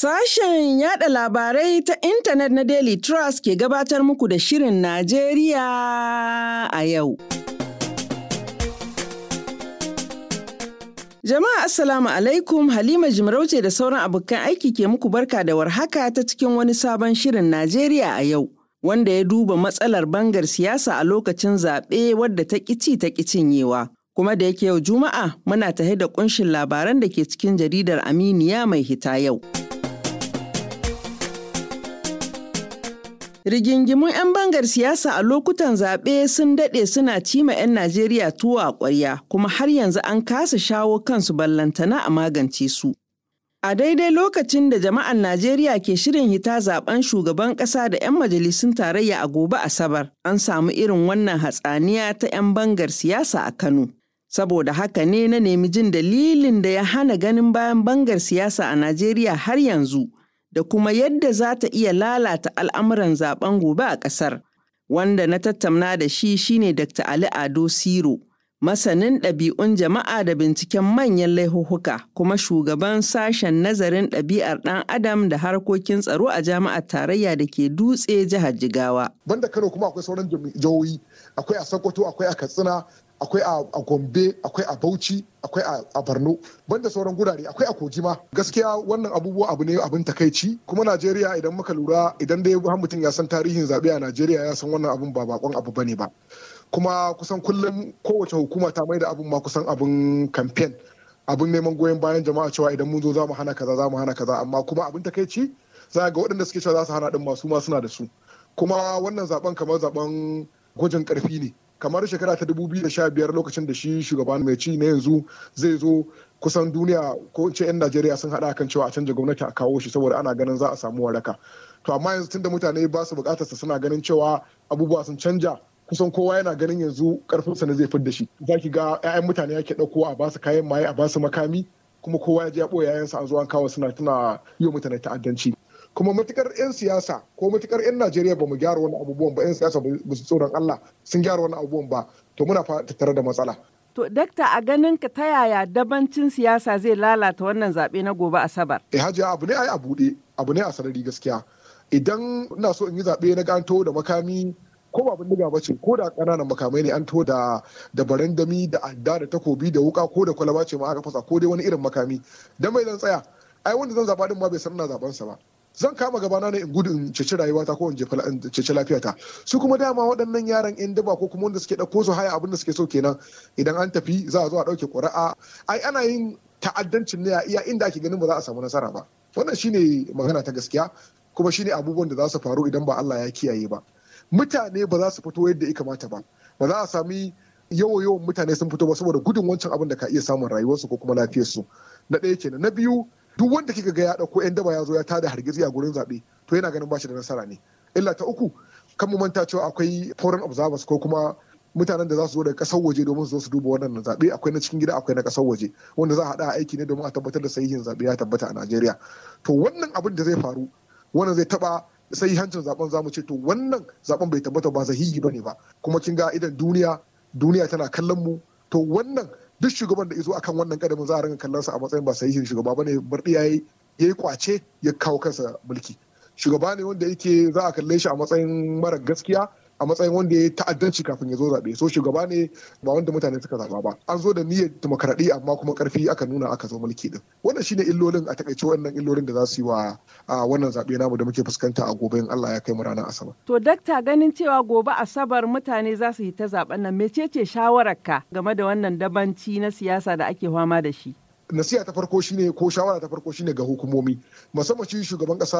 Sashen yada labarai ta intanet na Daily Trust ke gabatar muku da Shirin Najeriya a yau. Jama'a Assalamu alaikum Halima Jimarauce da sauran abokan aiki ke muku barka da warhaka ta cikin wani sabon Shirin Najeriya a yau. Wanda ya duba matsalar bangar siyasa a lokacin zaɓe wadda ta ƙici ta cinyewa. Kuma da yake yau Juma'a muna tahe da ƙunshin labaran da ke cikin jaridar Aminiya mai hita yau. Rigingimun 'yan bangar siyasa a lokutan zaɓe sun daɗe suna cima 'yan Najeriya tuwo a ƙwarya kuma har yanzu an kasa shawo kansu ballantana a magance su. A daidai lokacin da jama'an Najeriya ke shirin hita zaben shugaban ƙasa da 'yan majalisun tarayya a gobe Asabar, an samu irin wannan hatsaniya ta 'yan bangar siyasa a Kano. Saboda haka ne na nemi jin dalilin da ya hana ganin bayan bangar siyasa a Najeriya har yanzu. da kuma yadda za ta iya lalata al'amuran zaben gobe a ƙasar. Wanda na tattauna da shi shine Dr. Ali Ado Siro, masanin ɗabi'un jama'a da binciken manyan laihuhuka kuma shugaban sashen nazarin ɗabi'ar ɗan adam da harkokin tsaro a jami'ar tarayya da ke dutse jihar Jigawa. Banda Kano kuma akwai sauran jihohi akwai a Sokoto akwai a Katsina akwai a gombe akwai a bauchi akwai a borno banda sauran gurare akwai a kojima gaskiya wannan abubuwa abu ne abin takaici kuma najeriya idan muka lura idan dai har mutum ya san tarihin zaɓe a najeriya ya san wannan abun ba bakon abu bane ba kuma kusan kullum kowace hukuma ta mai da abun ma kusan abun kamfen abun neman goyon bayan jama'a cewa idan mun zo za mu hana kaza za mu hana kaza amma kuma abin takaici za ga waɗanda suke cewa za su hana din masu ma suna da su kuma wannan zaben kamar zaben gwajin ƙarfi ne kamar shekara ta da sha biyar lokacin da shi shugaban mai ci na yanzu zai zo kusan duniya ko ce 'yan najeriya sun haɗa kan cewa a canja gwamnati a kawo shi saboda ana ganin za a samu waraka to amma yanzu tunda mutane ba su bukatarsa suna ganin cewa abubuwa sun canja kusan kowa yana ganin yanzu karfin karfinsa ne zai fidda shi za ki ga 'ya'yan mutane yake ɗauko a basu kayan maye a basu makami kuma kowa ya je ya ɓoye yayansa a zo kawo suna tana yi wa mutane ta'addanci kuma matukar 'yan siyasa ko matukar 'yan najeriya ba mu gyara wani abubuwan ba 'yan siyasa ba su tsoron allah sun gyara wani abubuwan ba to muna tattare da matsala To, dakta a ganin ka ta yaya dabancin siyasa zai lalata wannan zaɓe na gobe Asabar? Eh, hajiya abu ne ai a buɗe, abu ne a sarari gaskiya. Idan ina so in yi zaɓe na ganto da makami ko ba bindiga ba ce ko da ƙananan makamai ne an to da da barandami da adda da takobi da wuka ko da kwalaba ce ma aka fasa ko dai wani irin makami dan mai zan tsaya ai wanda zan zaba din ma bai san ina zaben sa ba zan kama gabana na in gudu in ceci rayuwata ko in ceci lafiyata su kuma dama waɗannan yaran yan daba ko kuma wanda suke ɗauko su haya abin da suke so kenan idan an tafi za a zo a ɗauke ƙuri'a ai ana yin ta'addancin ne a iya inda ake ganin ba za a samu nasara ba wannan shine magana ta gaskiya kuma shine abubuwan da za su faru idan ba Allah ya kiyaye ba mutane ba za su fito yadda ya kamata ba ba za a sami yawan yawan mutane sun fito ba saboda gudun wancan abin da ka iya samun rayuwarsu ko kuma lafiyarsu na ɗaya kenan na biyu duk wanda kika ga ya dauko yan daba ya zo ya tada hargitsi a gurin zabe to yana ganin bashi da nasara ne illa ta uku kan mu manta cewa akwai foreign observers ko kuma mutanen da za su zo daga kasar waje domin su zo su duba wannan zabe. akwai na cikin gida akwai na kasar waje wanda za a haɗa aiki ne domin a tabbatar da sahihin zabe ya tabbata a Najeriya to wannan abin da zai faru wannan zai taɓa hancin zaben zamu ce to wannan zaben bai tabbata ba sahihi bane ba kuma kin ga idan duniya duniya tana kallon mu to wannan duk shugaban da izo akan wannan kadamin za a ringa kallon sa a matsayin ba sahihin shugaba bane bar yayi yayi kwace ya kawo kansa mulki shugaba ne wanda yake za a kalle shi a matsayin mara gaskiya a matsayin wanda ya yi ta'addanci kafin ya zo zaɓe so shugaba ne ba wanda mutane suka zaɓa ba an zo da niyyar demokaradiyya amma kuma karfi aka nuna aka zo mulki din wannan shine illolin a takaice wannan illolin da za su yi wa wannan zaɓe namu da muke fuskanta a gobe in Allah ya kai mu ranar asabar to dakta ganin cewa gobe asabar mutane za su yi ta zaɓen nan mecece shawararka game da wannan dabanci na siyasa da ake fama da shi nasiha ta farko shine ko shawara ta farko shine ga hukumomi musamman shi shugaban kasa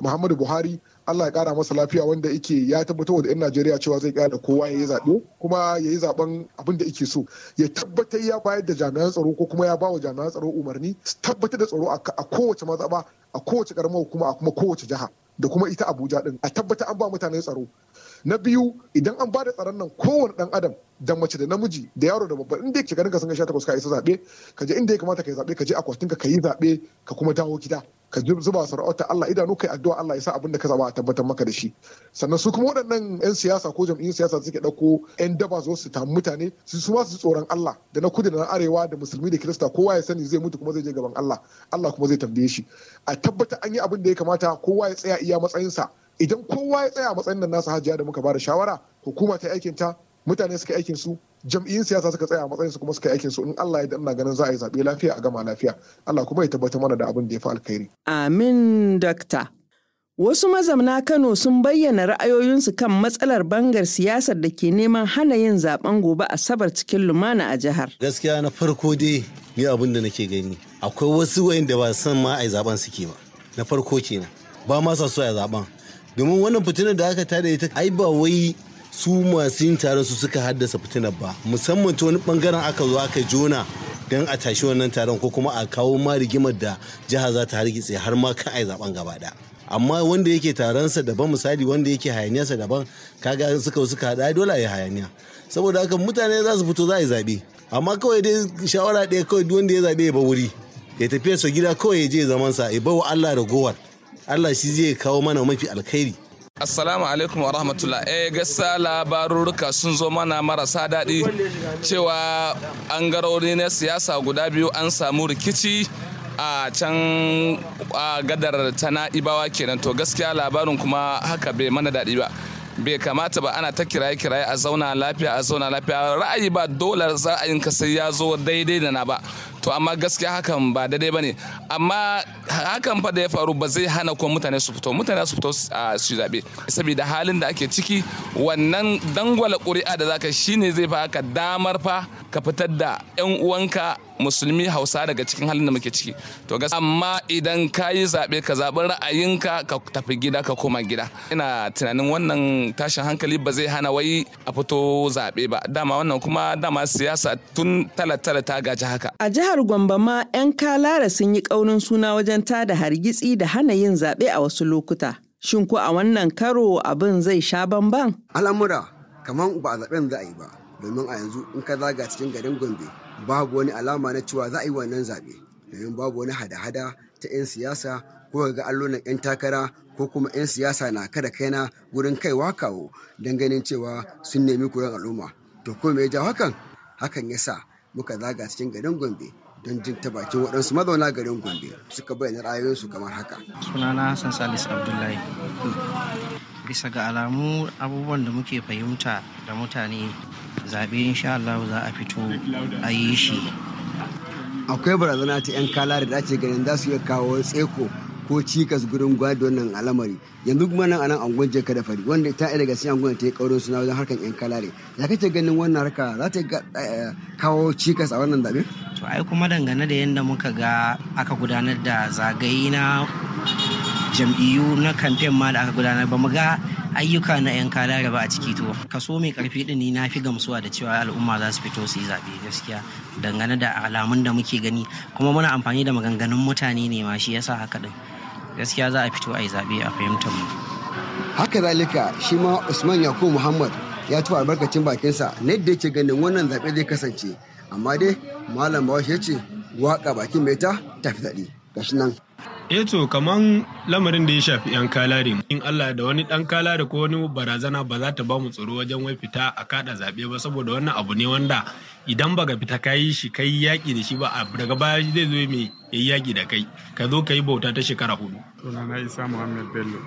Muhammadu Buhari Allah ya kara masa lafiya wanda yake ya tabbatar da 'yan Najeriya cewa zai kara kowa ya yi zaɓe kuma ya yi zaɓen abin da yake so ya tabbatar ya bayar da jami'an tsaro ko kuma ya ba wa jami'an tsaro umarni tabbatar da tsaro a kowace mazaɓa a kowace karamar hukuma a kuma kowace jiha da kuma ita Abuja din a tabbatar an ba mutane tsaro na biyu idan an ba da tsaron nan kowane ɗan adam da mace da namiji da yaro da babba inda yake garin ka sun ga 18 ka yi zabe ka je inda ya kamata ka yi zabe ka je akwatin ka yi zabe ka kuma dawo gida ka zuba sarauta Allah idanu kai addu'a Allah ya sa abin da ka zaba a tabbatar maka da shi sannan su kuma waɗannan 'yan siyasa ko jam'iyyun siyasa suke ɗauko 'yan daba zo su tamu mutane su su su tsoron Allah da na kudu da na arewa da musulmi da kirista kowa ya sani zai mutu kuma zai je gaban Allah Allah kuma zai tambaye shi a tabbata an yi abin da ya kamata kowa ya tsaya iya matsayinsa idan kowa ya tsaya a matsayin nan nasa hajiya da muka bada shawara hukuma ta aikinta mutane suka aikin su jam'iyyun siyasa suka tsaya a matsayin su kuma suka aikin su in Allah ya da ina ganin za a yi zaɓe lafiya a gama lafiya Allah kuma ya tabbatar mana da abin da ya fi alkhairi amin dakta Wasu mazamna Kano sun bayyana ra'ayoyinsu kan matsalar bangar siyasar da ke neman hana yin zaben gobe a sabar cikin lumana a jihar. Gaskiya na farko dai ni abin da nake gani akwai wasu wayanda ba san ma a zaben suke ba. Na farko kenan ba ma sa so a zaben. Domin wannan fitinar da aka tada ita ai ba wai su masu yin taron su suka haddasa fitinar ba musamman ta wani bangaren aka zo aka jona don a tashi wannan taron ko kuma a kawo ma rigimar da jiha za ta hargitse har ma ka ai zaben gaba da amma wanda yake taronsa daban misali wanda yake hayaniyarsa daban kaga suka suka hada dole ya hayaniya saboda haka mutane za su fito za a yi zabe amma kawai dai shawara ɗaya kawai duk wanda ya zabe ya ba wuri ya tafi sa gida kawai ya je zamansa ya bawa Allah da gowar Allah shi zai kawo mana mafi alkhairi Assalamu alaikum wa rahmatullah. Eh gaskiya labarurruka sun zo mana marasa daɗi cewa an garauri na siyasa guda biyu an samu rikici a can a gadar ta na'ibawa kenan to gaskiya labarin kuma haka bai mana daɗi ba. bai kamata ba ana ta kiraye kiraye a zauna lafiya a zauna lafiya ra'ayi ba dole ra'ayinka sai ya zo daidai da na ba to amma gaskiya hakan ba daidai bane amma hakan fa da ya faru ba zai hana kuma mutane su fito mutane su fito su zabe saboda halin da ake ciki wannan dangwala ƙuri'a da zaka shine zai fa ka damar fa ka fitar da yan uwanka musulmi hausa daga cikin halin da muke ciki to gas amma idan ka yi zaɓe ka zaɓi ra'ayinka ka tafi gida ka koma gida ina tunanin wannan tashin hankali ba zai hana wai a fito zaɓe ba dama wannan kuma dama siyasa tun talatala ta gaji haka a jihar gwamba ma 'yan kalara sun yi ƙaunin suna wajen tada hargitsi da hana yin zaɓe a wasu lokuta shin ko a wannan karo abin zai sha bamban al'amura kamar ba a zaɓen za a yi ba domin a yanzu in ka zaga cikin garin gombe babu wani alama na cewa za a yi wannan zaɓe domin babu wani hada-hada ta 'yan siyasa ko ga allona 'yan takara ko kuma 'yan siyasa na kada kaina wurin kaiwa kawo don ganin cewa sun nemi kuran al'umma to ko me ya hakan hakan ya sa muka zaga cikin garin gombe don jin ta bakin waɗansu mazauna garin gombe suka bayyana ra'ayoyinsu kamar haka sunana hassan salis abdullahi bisa ga alamu abubuwan da muke fahimta da mutane zaɓe insha Allah za a fito a yi shi akwai barazana ta 'yan kala da ake ganin za su iya kawo tseko ko cikas gurin gwadi wannan al'amari yanzu kuma nan anan angon ka da fari wanda ta daga siyan angon ta yi kaurin suna wajen harkar 'yan kala ne ya kace ganin wannan harka za ta eh, kawo cikas a wannan zaɓe? to ai kuma dangane da yadda muka ga aka gudanar da zagaye na jam'iyyu na kamfen ma da aka gudanar ba mu ga ayyuka na 'yan raba a ciki to kaso mai karfi din ni na fi gamsuwa da cewa al'umma za su fito su yi zaɓe gaskiya dangane da alamun da muke gani kuma muna amfani da maganganun mutane ne ma shi yasa haka din gaskiya za a fito a yi zaɓe a fahimtar mu haka zalika shi ma usman yakubu muhammad ya tuba albarkacin bakinsa na yadda yake ganin wannan zaɓe zai kasance amma dai malam bawashi ya ce waka bakin mai ta tafi daɗi gashi nan eh to kaman lamarin da ya shafi yan kalare in Allah da wani dan kalari ko wani barazana ba za ta ba mu tsoro wajen wai fita a kada zabe ba saboda wannan abu ne wanda idan baka fita ka yi shi kai yaki da shi ba daga baya zai zo mai yayi yaki da kai ka zo ka yi bauta ta shekara hudu sunana Isa Muhammad Bello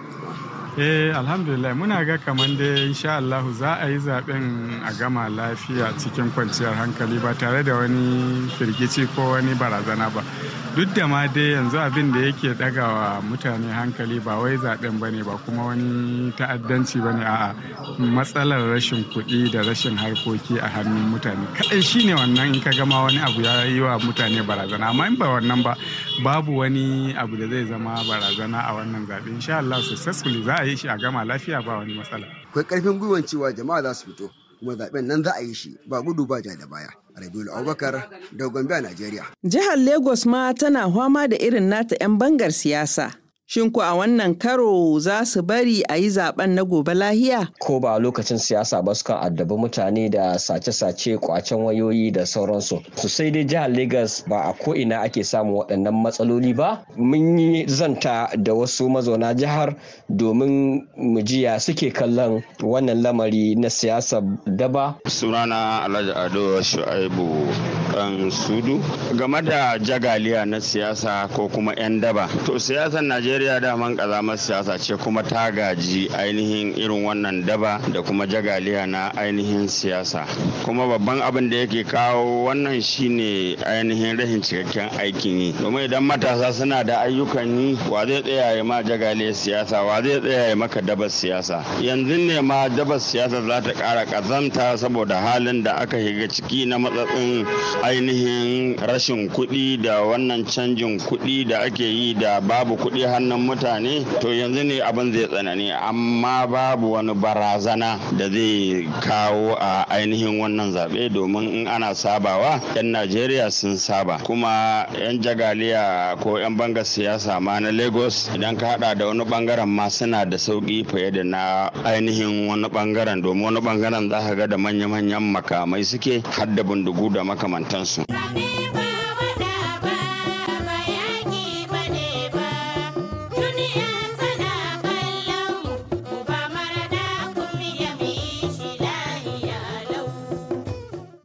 eh alhamdulillah muna ga kaman da insha Allah za a yi zaben a gama lafiya cikin kwanciyar hankali ba tare da wani firgici ko wani barazana ba duk da ma dai yanzu abin da yake dagawa mutane hankali ba wai zaben bane ba kuma wani ta'addanci bane a matsalar rashin kuɗi da rashin harkoki a hannun mutane kaɗai shine wannan in ka gama wani abu ya yi wa mutane barazana amma in ba wannan ba babu wani abu da zai zama barazana a wannan zaɓe insha Allah successfully za a a yi shi a gama lafiya ba wani matsala. Akwai karfin gwiwan cewa jama'a za su fito kuma zaɓen nan za a yi shi ba gudu ba ja da baya. Rabiul Abubakar da Gombe a Najeriya. Jihar Lagos ma tana fama da irin nata 'yan bangar siyasa. Shin ku a wannan karo za su bari a yi zaben na gobe lahiya? Ko ba lokacin siyasa ba sukan addabi mutane da sace-sace kwacen wayoyi da sauransu. Su sai dai jihar Legas ba a ko'ina ake samun waɗannan matsaloli ba. Mun yi zanta da wasu mazauna jihar domin mu jiya suke kallon wannan lamari na siyasa daba. Sunana Alhaji Ado Shu'aibu Afan Sudu game da jagaliya na siyasa ko kuma 'yan daba. To siyasar Najeriya daman kazamar siyasa ce kuma ta gaji ainihin irin wannan daba da kuma jagaliya na ainihin siyasa. Kuma babban abin da yake kawo wannan shine ainihin rahin cikakken aikin yi. Domin idan matasa suna da ayyukan yi wa zai tsaya ya ma jagale siyasa wa zai tsaya ya maka dabar siyasa. Yanzu ne ma dabar siyasa za ta kara ƙazanta saboda halin da aka shiga ciki na matsatsin ainihin rashin kuɗi da wannan canjin kuɗi da ake yi da babu kuɗi hannun mutane to yanzu ne abin zai tsanani amma babu wani barazana da zai kawo a ainihin wannan zaɓe domin in ana sabawa 'yan najeriya sun saba kuma 'yan jagaliya ko 'yan bangar siyasa ma na lagos idan ka hada da wani bangaren ma suna da sauki fiye da na ainihin wani bangaren domin wani bangaren za ka ga da manya-manyan makamai suke har da bindigu da makamanta alcançam.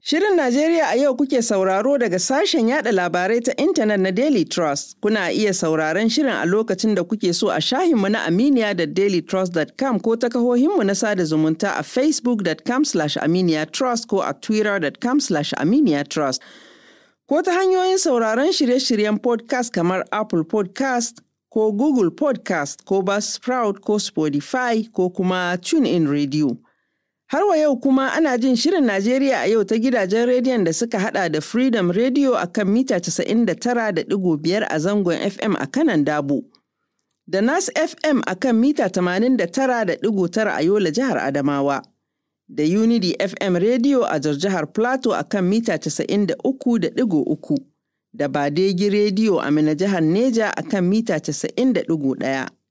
Shirin Najeriya a yau kuke sauraro daga sashen yada labarai ta intanet na Daily Trust. Kuna iya sauraron shirin a lokacin da kuke so a shahinmu na Aminiya da dailytrust.com ko ta kahohinmu na sada zumunta a facebookcom aminiya ko a twittercom aminiya Ko ta hanyoyin sauraron shirye-shiryen podcast kamar Apple podcast ko Google podcast ko Buzzsprout ko Spotify ko kuma TuneIn Radio. Har wa yau kuma ana jin shirin Najeriya a yau ta gidajen rediyon da suka hada da Freedom Radio a kan mita 99.5 a zangon FM a kanan Dabo. Da Nas FM a kan mita 89.9 a Yola jihar Adamawa. Da Unity FM Radio a jar jihar Plateau a kan mita 93.3. Da Badegi Radio a Mina jihar Neja a kan mita 91.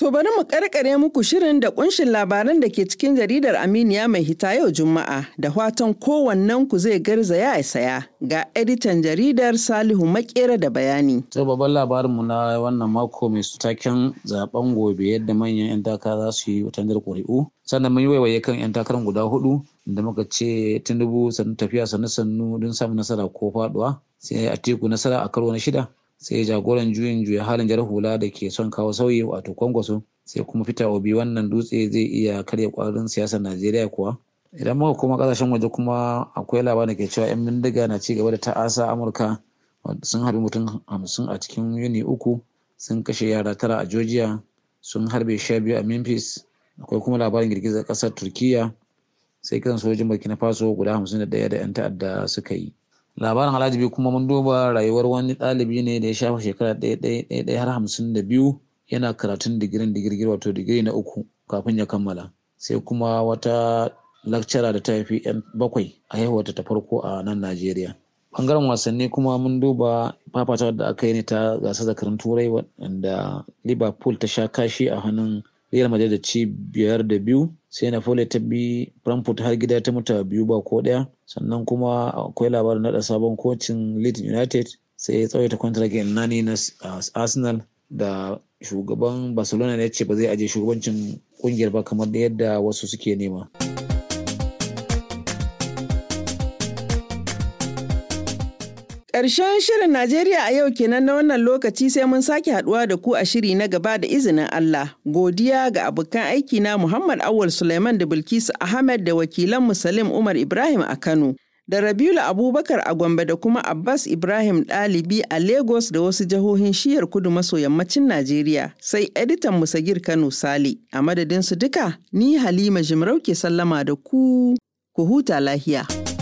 To bari mu karkare muku shirin da kunshin labaran da ke cikin jaridar Aminiya mai hita yau Juma'a da fatan kowannen ku zai garzaya ya saya ga editan jaridar Salihu Makera da bayani. To babban labarin mu na wannan mako mai sutaken zaben gobe yadda manyan 'yan takara za su yi wata wutan ƙuri'u. Sannan mun yi waiwaye kan 'yan takarar guda hudu da muka ce dubu sannu tafiya sannu sannu don samun nasara ko faduwa sai a teku nasara a karo na shida. sai jagoran juyin juya halin jar hula da ke son kawo sauyi wato kwangwaso sai kuma fita obi wannan dutse zai iya karya kwarin siyasar najeriya kuwa idan muka kuma kasashen waje kuma akwai labarin da ke cewa yan bindiga na ci gaba da ta'asa amurka sun harbi mutum hamsin a cikin yuni uku sun kashe yara tara a georgia sun harbe sha biyu a memphis akwai kuma labarin girgizar kasar turkiya sai kiran sojin burkina faso guda hamsin da ɗaya da yan ta'adda suka yi labarin alhaji kuma mun duba rayuwar wani ɗalibi ne da ya shafa shekara ɗaya ɗaya har hamsin da biyu yana karatun digirin digirgir wato digiri na uku kafin ya kammala sai kuma wata lakcara da ta haifi yan bakwai a haihuwarta ta farko a nan najeriya bangaren wasanni kuma mun duba fafatawar da aka yi ne ta gasar zakarin turai wanda liverpool ta sha kashi a hannun Real Madrid da ci biyar da biyu sai na Napoli ta bi Frankfurt har gida ta mutu biyu ba ko ɗaya sannan kuma akwai labarin naɗa sabon kocin Leeds United sai ya tsawaita kwantaragin nani na Arsenal da shugaban Barcelona ne ce ba zai aje shugabancin kungiyar ba kamar yadda wasu suke nema. Karshen shirin Najeriya a yau kenan na wannan lokaci sai mun sake haduwa da ku a shiri na gaba da izinin Allah. Godiya ga abokan aiki na Muhammad Awul Suleiman da Bilkisu Ahmed da wakilan Musalim Umar Ibrahim a Kano. Da Rabiulu Abubakar a Gombe da kuma Abbas Ibrahim Ɗalibi a Lagos da wasu jihohin shiyar kudu maso yammacin Najeriya. Sai editan Musagir Kano Sale. A madadin su duka, ni Halima Jimarauke sallama da ku, ku huta lahiya.